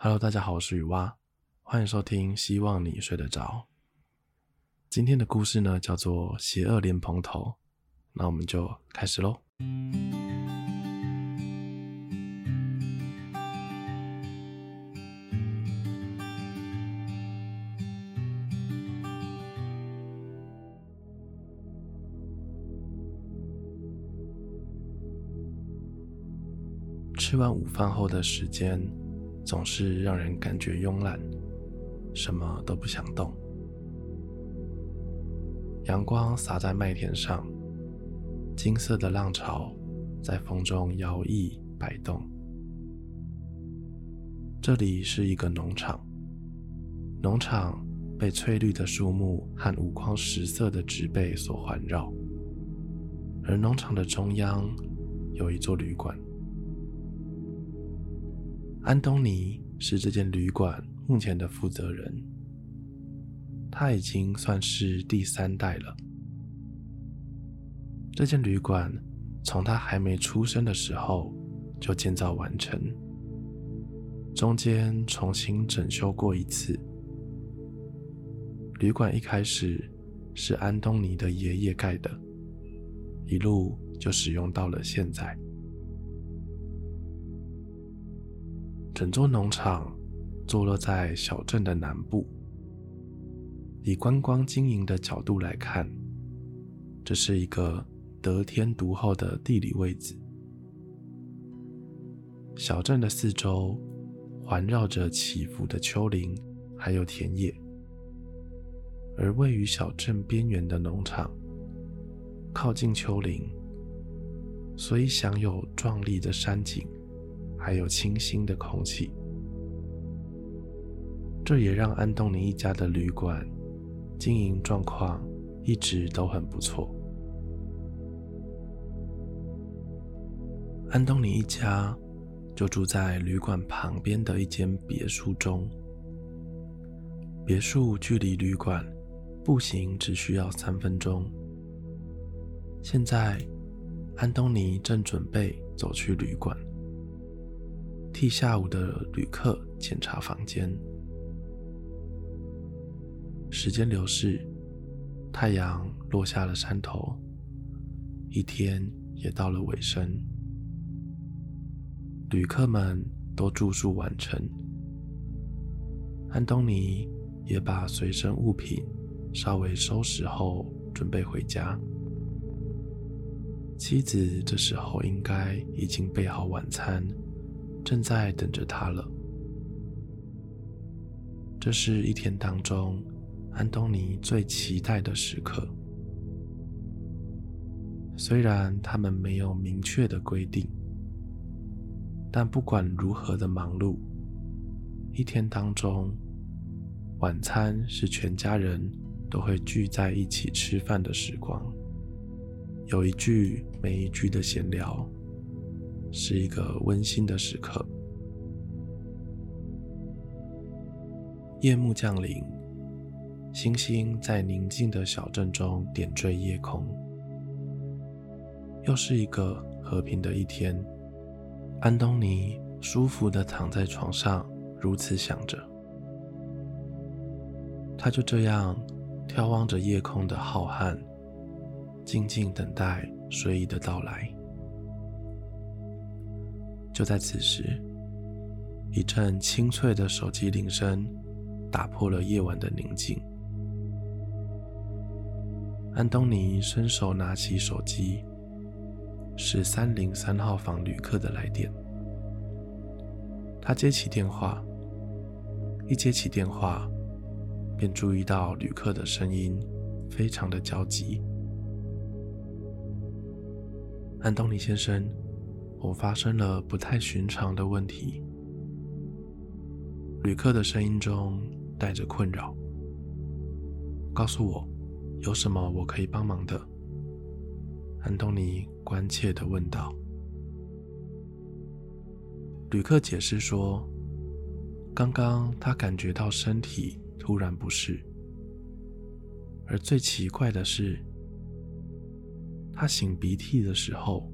Hello，大家好，我是雨蛙，歡迎收聽。希望你睡得着。今天的故事呢，叫做《邪惡蓮蓬頭》，那我們就開始嘍。吃完午飯後的時間，總是讓人感覺慵懶，什麼都不想動。陽光灑在麥田上，金色的浪潮在風中搖曳擺動。這裡是一個農場，農場被翠綠的樹木和五光十色的植被所環繞，而農場的中央有一座旅館。安東尼是這間旅館目前的負責人，他已經算是第三代了。這間旅館從他還沒出生的時候就建造完成，中間重新整修過一次。旅館一開始是安東尼的爺爺蓋的，一路就使用到了現在。整座農場坐落在小鎮的南部。以觀光經營的角度來看，這是一個得天獨厚的地理位置。小鎮的四周環繞着起伏的丘陵，還有田野。而位於小鎮邊緣的農場，靠近丘陵，所以享有壯麗的山景。還有清新的空氣，這也讓安東尼一家的旅館經營狀況一直都很不錯。安東尼一家就住在旅館旁邊的一間別墅中，別墅距離旅館步行只需要三分鐘。現在，安東尼正準備走去旅館。替下午的旅客檢查房間。時間流逝，太陽落下了山頭，一天也到了尾聲。旅客們都住宿完成，安東尼也把隨身物品稍微收拾後，準備回家。妻子這時候應該已經備好晚餐，正在等着他了。這是一天當中安東尼最期待的時刻。雖然他們沒有明確的規定，但不管如何的忙碌，一天當中，晚餐是全家人都會聚在一起吃飯的時光。有一句沒一句的閒聊。是一個溫馨的時刻。夜幕降臨，星星在寧靜的小鎮中點綴夜空。又是一個和平的一天，安東尼舒服地躺在床上，如此想着。他就這樣眺望着夜空的浩瀚，靜靜等待睡意的到來。就在此時，一陣清脆的手機鈴聲打破了夜晚的寧靜。安東尼伸手拿起手機，是三零三號房旅客的來電。他接起電話，一接起電話，便注意到旅客的聲音非常的焦急。安東尼先生。我發生了不太尋常的問題。旅客的聲音中帶着困擾。告訴我，有什麼我可以幫忙的？安東尼關切地問道。旅客解釋說，剛剛他感覺到身體突然不適。而最奇怪的是，他擤鼻涕的時候。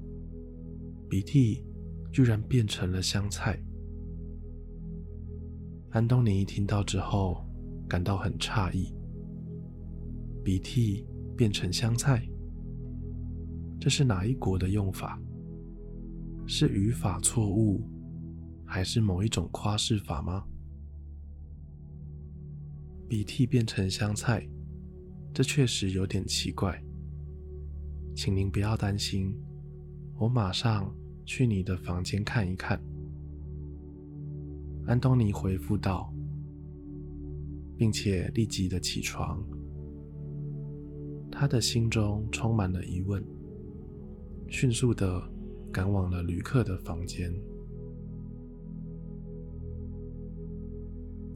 鼻涕居然變成了香菜。安東尼一聽到之後，感到很詫異。鼻涕變成香菜，這是哪一國的用法？是語法錯誤，還是某一種誇飾法嗎？鼻涕變成香菜，這確實有點奇怪。請您不要擔心。我馬上去你的房間看一看。”安東尼回復道，並且立即的起床。他的心中充滿了疑問，迅速的趕往了旅客的房間。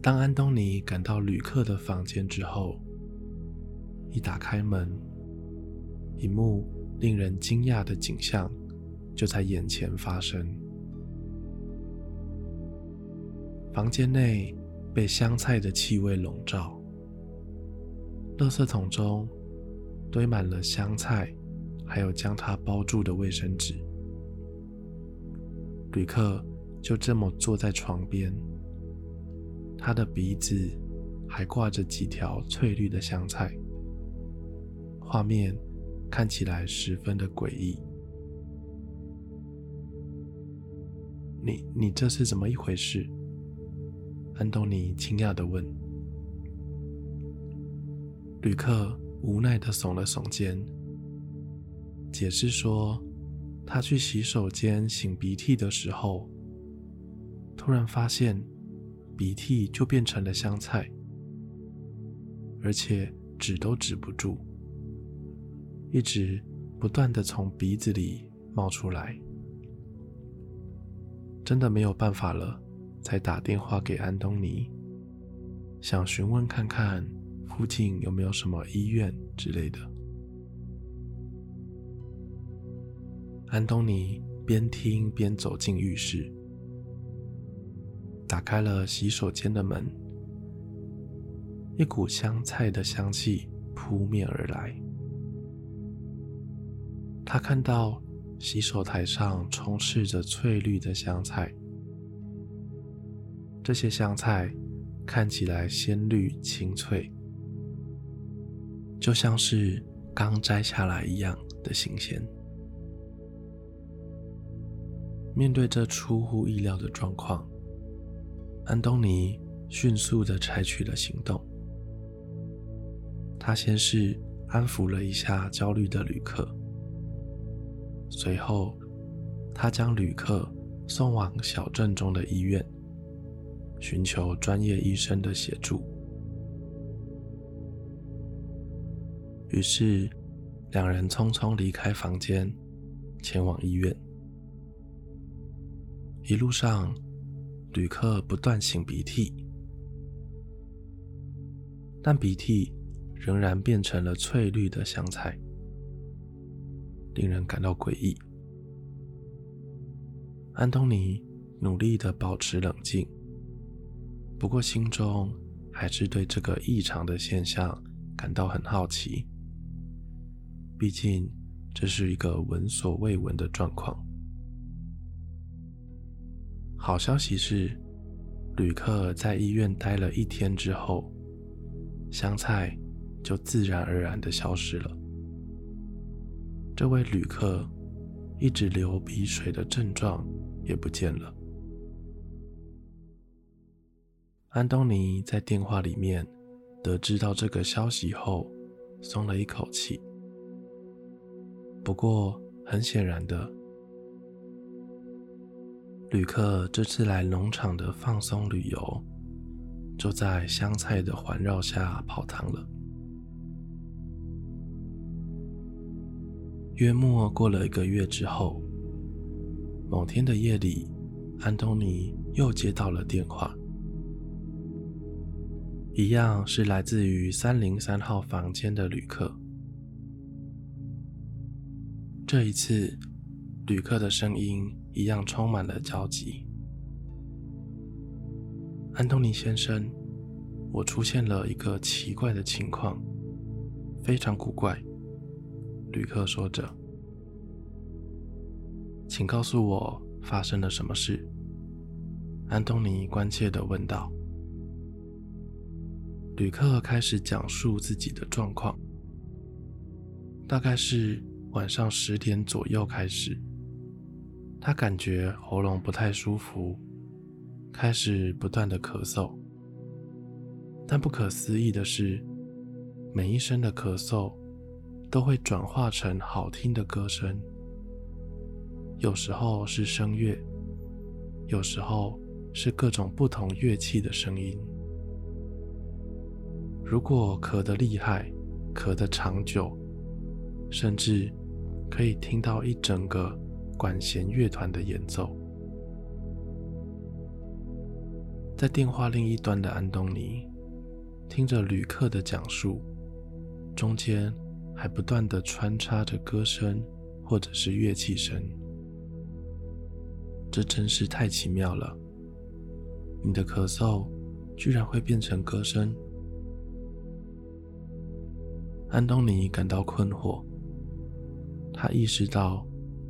當安東尼趕到旅客的房間之後，一打開門，一幕令人驚訝的景象。就在眼前發生。房間內被香菜的氣味籠罩，垃圾桶中堆滿了香菜，還有將它包住的衛生紙。旅客就這麼坐在床邊，他的鼻子還掛着幾條翠綠的香菜，畫面看起來十分的詭異。你你這是怎麼一回事？安東尼驚訝的問。旅客無奈的聳了聳肩，解釋說，他去洗手間擤鼻涕的時候，突然發現鼻涕就變成了香菜，而且止都止不住，一直不斷的從鼻子裡冒出來。真的沒有辦法了，才打電話給安東尼，想詢問看看附近有沒有什麼醫院之類的。安東尼邊聽邊走進浴室，打開了洗手間的門，一股香菜的香氣撲面而來，他看到洗手台上充斥着翠綠的香菜，這些香菜看起來鮮綠清脆，就像是剛摘下來一樣的新鮮。面對這出乎意料的狀況，安東尼迅速的採取了行動。他先是安撫了一下焦慮的旅客。隨後，他將旅客送往小鎮中的醫院，尋求專業醫生的協助。於是，兩人匆匆離開房間，前往醫院。一路上，旅客不斷擤鼻涕，但鼻涕仍然變成了翠綠的香菜。令人感到詭異。安東尼努力的保持冷靜，不過心中還是對這個異常的現象感到很好奇。畢竟這是一個聞所未聞的狀況。好消息是，旅客在醫院待了一天之後，香菜就自然而然的消失了。這位旅客一直流鼻水的症狀也不見了。安東尼在電話裡面得知到這個消息後，鬆了一口氣。不過，很顯然的，旅客這次來農場的放鬆旅遊，就在香菜的環繞下泡湯了。約莫過了一個月之後，某天的夜裡，安東尼又接到了電話，一樣是來自於三零三號房間的旅客。這一次，旅客的聲音一樣充滿了焦急。安東尼先生，我出現了一個奇怪的情況，非常古怪。旅客說着：“請告訴我發生了什麼事。”安東尼關切地問道。旅客開始講述自己的狀況，大概是晚上十點左右開始，他感覺喉嚨不太舒服，開始不斷的咳嗽。但不可思議的是，每一聲的咳嗽。都會轉化成好聽的歌聲，有時候是聲樂，有時候是各種不同樂器的聲音。如果咳得厲害、咳得長久，甚至可以聽到一整個管弦樂團的演奏。在電話另一端的安東尼聽着旅客的講述，中間，還不斷的穿插着歌聲，或者是樂器聲，這真是太奇妙了！你的咳嗽居然會變成歌聲，安東尼感到困惑。他意識到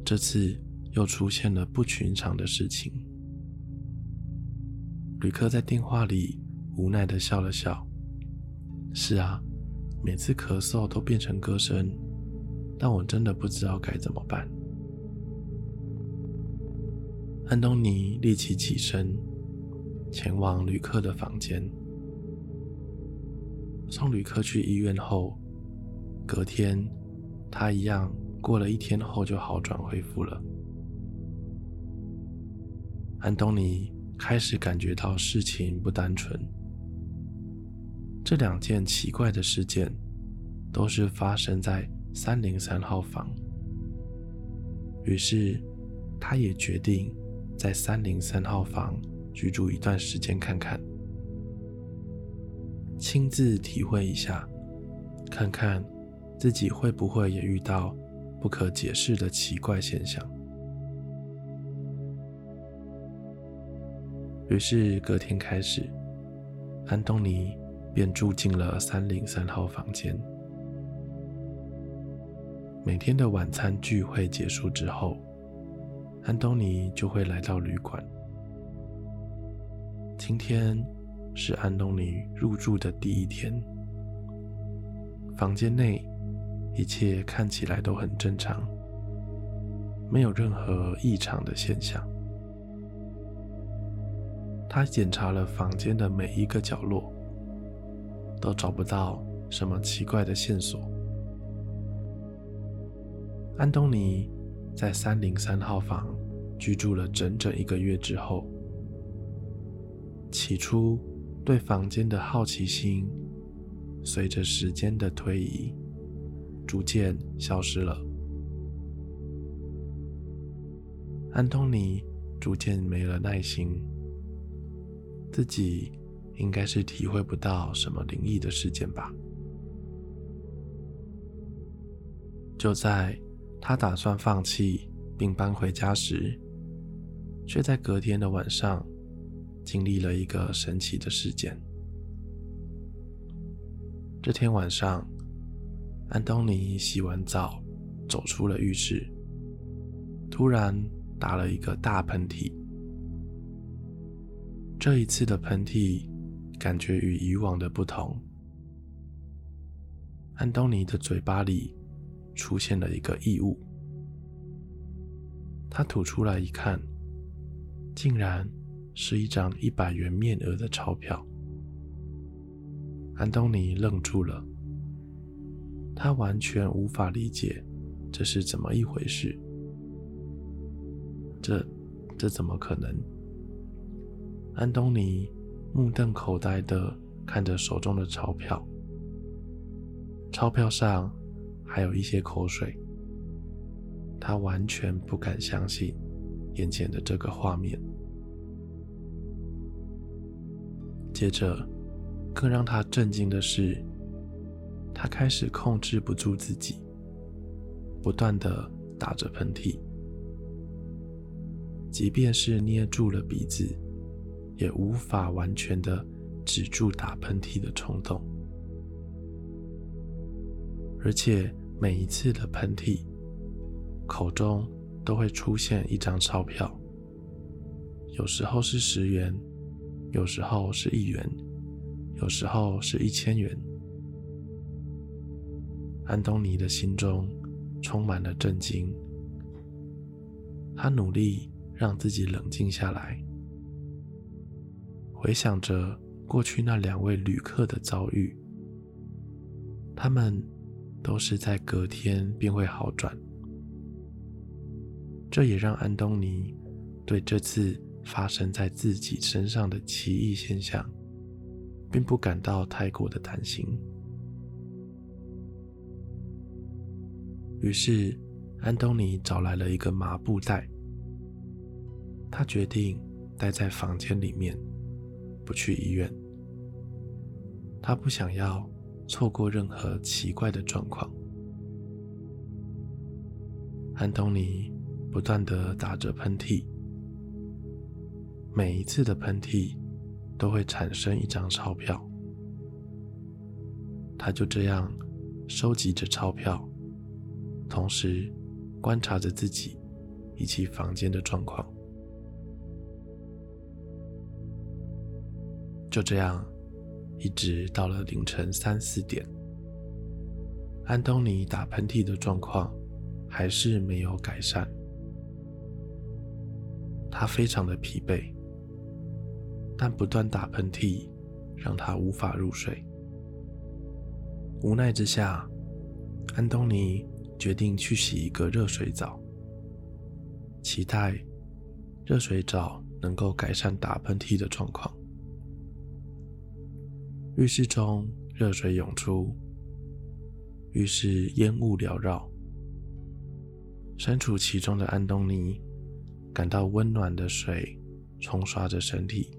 這次又出現了不尋常的事情。旅客在電話裡無奈的笑了笑：“是啊。”每次咳嗽都變成歌聲，但我真的不知道該怎麼辦。安東尼立即起身，前往旅客的房間。送旅客去醫院後，隔天他一樣過了一天後就好轉恢復了。安東尼開始感覺到事情不單純。這兩件奇怪的事件都是發生在三零三號房。於是，他也決定在三零三號房居住一段時間，看看，親自體會一下，看看自己會不會也遇到不可解釋的奇怪現象。於是，隔天開始，安東尼。便住進了三零三號房間。每天的晚餐聚會結束之後，安東尼就會來到旅館。今天是安東尼入住的第一天，房間內一切看起來都很正常，沒有任何異常的現象。他檢查了房間的每一個角落。都找不到什麼奇怪的線索。安東尼在三零三號房居住了整整一個月之後，起初對房間的好奇心，隨着時間的推移，逐漸消失了。安東尼逐漸沒了耐心，自己。應該是體會不到什麼靈異的事件吧。就在他打算放棄並搬回家時，卻在隔天的晚上經歷了一個神奇的事件。這天晚上，安東尼洗完澡走出了浴室，突然打了一個大噴嚏。這一次的噴嚏。感覺與以往的不同。安東尼的嘴巴裡出現了一個異物，他吐出來一看，竟然是一張一百元面額的鈔票。安東尼愣住了，他完全無法理解這是怎麼一回事。這，這怎麼可能？安東尼。目瞪口呆的看着手中的鈔票，鈔票上還有一些口水。他完全不敢相信眼前的這個畫面。接着，更讓他震驚的是，他開始控制不住自己，不斷的打着噴嚏，即便是捏住了鼻子，也無法完全的止住打噴嚏的衝動，而且每一次的噴嚏，口中都會出現一張鈔票，有時候是十元，有時候是一元，有時候是一千元。安東尼的心中充滿了震驚，他努力讓自己冷靜下來。回想着過去那兩位旅客的遭遇，他們都是在隔天便會好轉。這也讓安東尼對這次發生在自己身上的奇異現象，並不感到太過的擔心。於是，安東尼找來了一個麻布袋，他決定待在房間裡面。不去醫院，他不想要錯過任何奇怪的狀況。安東尼不斷的打着噴嚏，每一次的噴嚏都會產生一張鈔票，他就這樣收集着鈔票，同時觀察着自己以及房間的狀況。就這樣，一直到了凌晨三四點，安東尼打噴嚏的狀況還是沒有改善。他非常的疲憊，但不斷打噴嚏讓他無法入睡。無奈之下，安東尼決定去洗一個熱水澡，期待熱水澡能夠改善打噴嚏的狀況。浴室中，熱水湧出，浴室煙霧繚繞。身處其中的安東尼感到溫暖的水沖刷着身體，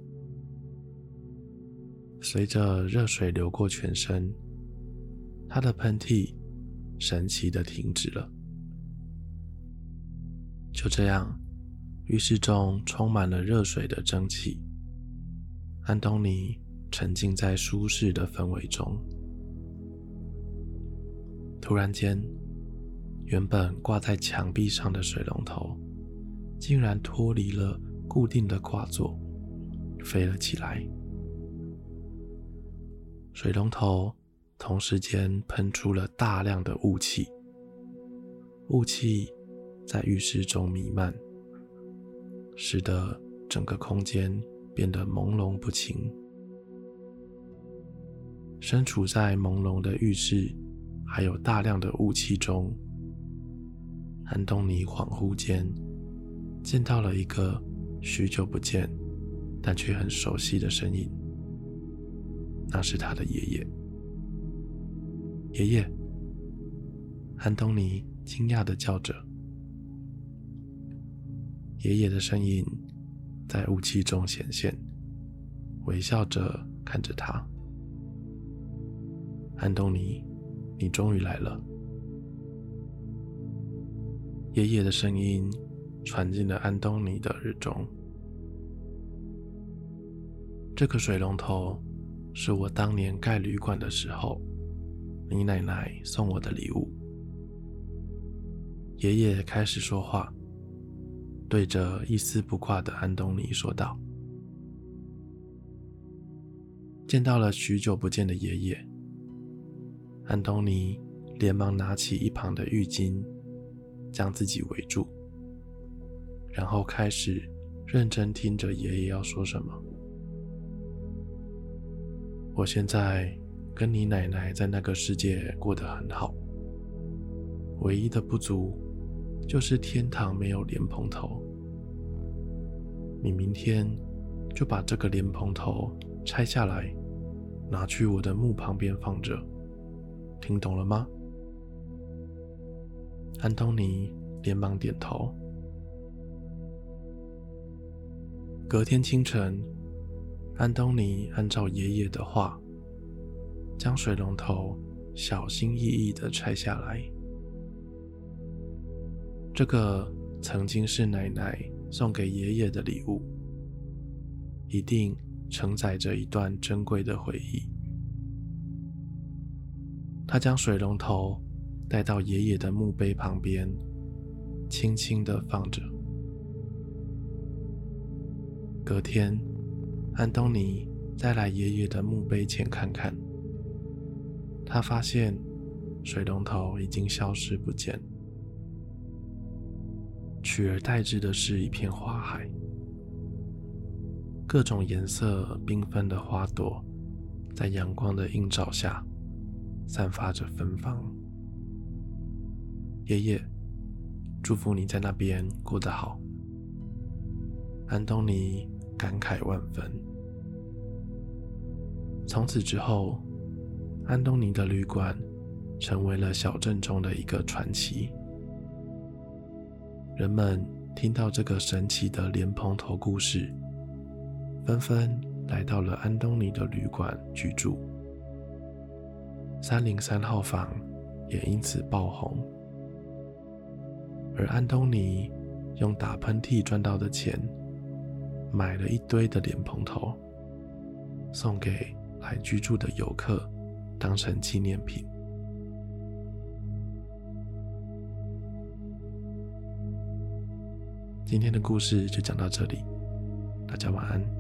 隨着熱水流過全身，他的噴嚏神奇地停止了。就這樣，浴室中充滿了熱水的蒸汽。安東尼，沉浸在舒適的氛圍中，突然間，原本掛在牆壁上的水龍頭竟然脫離了固定的掛座，飛了起來。水龍頭同時間噴出了大量的霧氣，霧氣在浴室中彌漫，使得整個空間變得朦朧不清。身處在朦朧的浴室，還有大量的霧氣中，安東尼恍惚間見到了一個許久不見但卻很熟悉的身影，那是他的爺爺。爺爺，安東尼驚訝地叫着。爺爺的身影在霧氣中顯現，微笑着看着他。安東尼，你終於來了。爺爺的聲音傳進了安東尼的耳中。這個水龍頭是我當年蓋旅館的時候，你奶奶送我的禮物。爺爺開始說話，對着一絲不掛的安東尼說道。見到了許久不見的爺爺。安東尼連忙拿起一旁的浴巾，將自己圍住，然後開始認真聽着爺爺要說什麼。我現在跟你奶奶在那個世界過得很好，唯一的不足就是天堂沒有蓮蓬頭。你明天就把這個蓮蓬頭拆下來，拿去我的墓旁邊放着。聽懂了嗎？安東尼連忙點頭。隔天清晨，安東尼按照爺爺的話，將水龍頭小心翼翼地拆下來。這個曾經是奶奶送給爺爺的禮物，一定承載着一段珍貴的回憶。他將水龍頭帶到爺爺的墓碑旁邊，輕輕地放着。隔天，安東尼再來爺爺的墓碑前看看，他發現水龍頭已經消失不見，取而代之的是一片花海，各種顏色繽紛的花朵在陽光的映照下。散發着芬芳，爺爺，祝福你在那邊過得好。安東尼感慨萬分。從此之後，安東尼的旅館成為了小鎮中的一個傳奇。人們聽到這個神奇的蓮蓬頭故事，紛紛來到了安東尼的旅館居住。三零三號房也因此爆紅，而安東尼用打噴嚏賺到的錢，買了一堆的蓮蓬頭，送給來居住的遊客，當成紀念品。今天的故事就講到這裡，大家晚安。